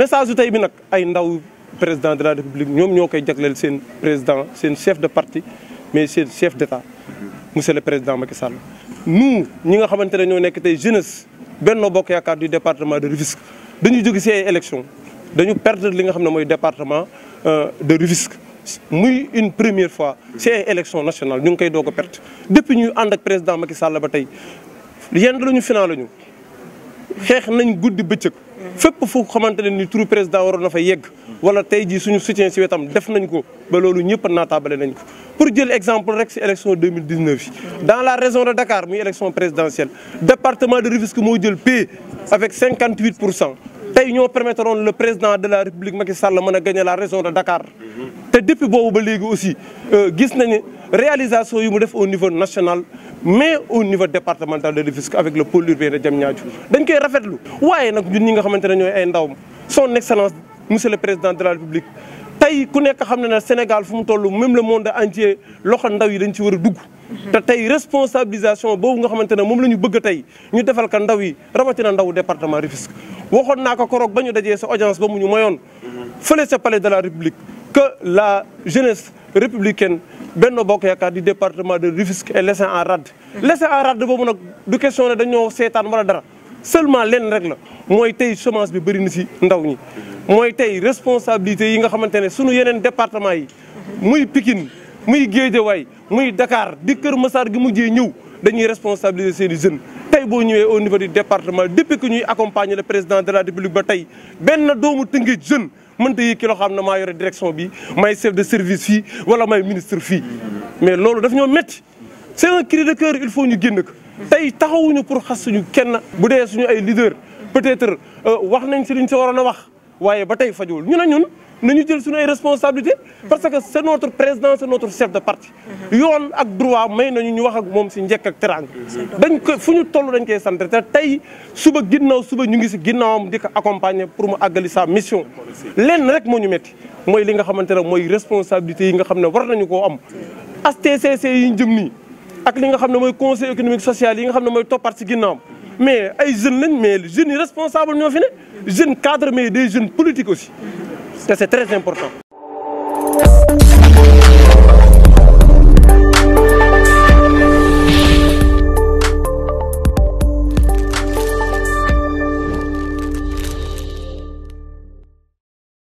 message tay bi nak ay ndaw président de la république ñom ñokay koy sen président sen chef de parti mais seen chef d'État, monsieur le président Macky Sall. nous ñi nga xamantene ne ñoo nekk tey jeunesse Benno Bokk Yaakaar du département de Rufisque dañu jóge ci élection dañu perdre li nga xamne moy département euh, de Rufisque muy une première fois ci élection nationale ñu ngi koy doog perte depuis ñu and ak président Macky Sall ba tay yenn la ñu final la ñu xeex nañ guddi bëccëg fépp fu xamantene ne ni turu président waro na fa yegg wala tay ji suñu soutien ci wetam def nañ ko ba loolu ñëpp naataabale nañ ko pour jël exemple rek ci élection 2019 dans la région de Dakar muy élection présidentielle département de Rufisque mo jël P avec 58 nous permettront le président de la république Macky Sall de la région de Dakar. te depuis boobu ba léegi aussi euh, gis réalisation yu au niveau national mais au niveau départemental de Rufisque avec le pôle urbain de Diamniadio dañ koy rafetlu waaye nag ñun ñi nga xamante son excellence monsieur le président de la république. tey ku nekk le Sénégal fu même le monde entier loxo ndaw yi dañ ci te tey responsabilisation boobu nga xamante ne moom la ñu bëgg tey ñu defal ka ndaw yi rawatina ndaw département Rufisque waxoon naa ko koroog ba ñu dajee sa audience ba mu ñu moyoon fële sa de la République que la jeunesse républicaine benn Bokk Yaakaar du département de Rufisque et laissé en rade laissé en rade boobu nag du question ne dañoo seetaan wala dara seulement lenn rek la mooy tey chômage bi bëri na si ndaw ñi mooy tey responsabilité yi nga xamante ne sunu yeneen département yi muy Pikine muy Guédiawaye muy dakaar di Kër Massar gi mujjee ñëw dañuy responsabiliser seen i tey boo ñëwee au niveau du département depuis que ñuy accompagner le président de la république ba tey benn doomu tëngee jeune mënta yi ki loo xam ne maa yore direction bi may chef de service fii wala may ministre fii mais loolu daf ñoo métti c'est un il faut ñu génn ko tey taxawuñu pour xas suñu kenn bu dee suñu ay leader peut-être euh, wax nañ si liñ si waroon a wax waaye ba tey fajul ñu ne ñun nañu jël suñu ay responsabilité parce que c'est notre présidence, c'est notre chef de parti yoon ak droit may nañu ñu wax ak moom si njëkk ak teranga dañ ko fu ñu toll dañ koy sant te tey suba ginnaaw suba ñu ngi si ginnaawam di ko accompagner pour mu agali sa mission lenn rek moo ñu métti mooy li nga xamante ne mooy responsabilité yi nga xam war nañu koo am HTCC yi ñu jëm nii ak li nga xam ne mooy conseil économique social yi nga xam ne mooy toppat si ginnaawam mais ay jeunes lañ mais jeunes yi responsable ñoo fi ne cadre mais des jeunes politiques aussi 13, 3 me importó.